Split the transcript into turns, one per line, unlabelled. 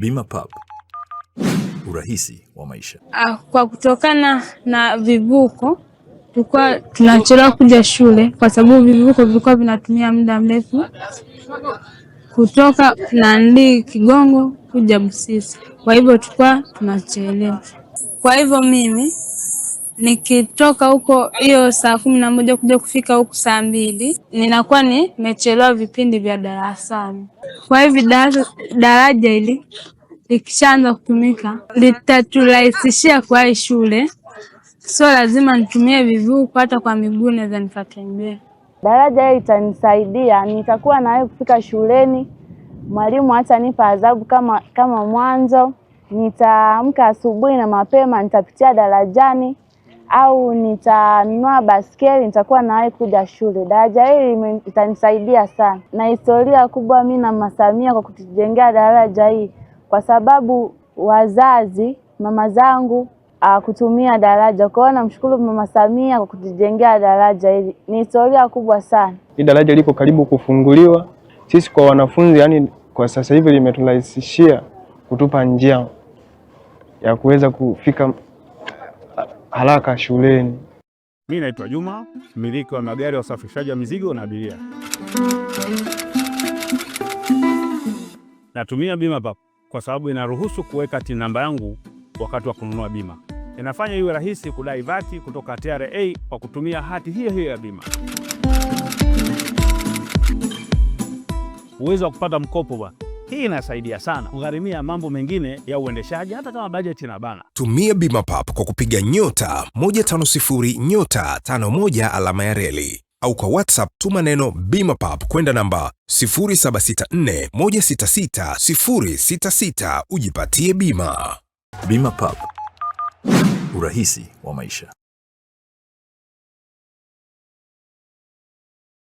Bima pub urahisi wa maisha.
Ah, kwa kutokana na vivuko, tulikuwa tunachelewa kuja shule kwa sababu vivuko vilikuwa vinatumia muda mrefu kutoka nandi Kigongo kuja Busisi, kwa hivyo tulikuwa tunachelewa. Kwa hivyo mimi nikitoka huko hiyo saa kumi na moja kuja kufika huku saa mbili ninakuwa nimechelewa vipindi vya darasani. Kwa hivi daraja hili likishaanza kutumika litaturahisishia kuwahi shule, sio lazima nitumie vivuko, hata kwa miguu naweza nikatembea.
Daraja hili itanisaidia, nitakuwa nawe kufika shuleni, mwalimu nipa adhabu kama, kama mwanzo. Nitaamka asubuhi na mapema, nitapitia darajani au nitanunua baskeli nitakuwa nawahi kuja shule. Daraja hili itanisaidia sana, na historia kubwa mi na Masamia kwa kutujengea daraja hii, kwa sababu wazazi mama zangu kutumia daraja. Kwa namshukuru Mama Samia kwa kutujengea daraja hili, ni historia kubwa sana.
Hii daraja liko karibu kufunguliwa, sisi kwa wanafunzi, yani kwa sasa hivi limeturahisishia kutupa njia ya kuweza kufika haraka shuleni.
Mimi naitwa Juma, mmiliki wa magari ya usafirishaji wa mizigo na abiria.
Natumia bima papo kwa sababu inaruhusu kuweka TIN namba yangu wakati wa kununua bima. Inafanya iwe rahisi kudai vati kutoka TRA kwa kutumia hati hiyo hiyo ya bima. Uwezo wa kupata mkopo ba hii inasaidia sana kugharimia mambo mengine ya uendeshaji hata kama bajeti na bana.
Tumia bima pap kwa kupiga nyota 150 nyota 51 alama ya reli au kwa WhatsApp tuma neno bima pap kwenda namba 0764166066 ujipatie bima. Bima pap, urahisi wa maisha.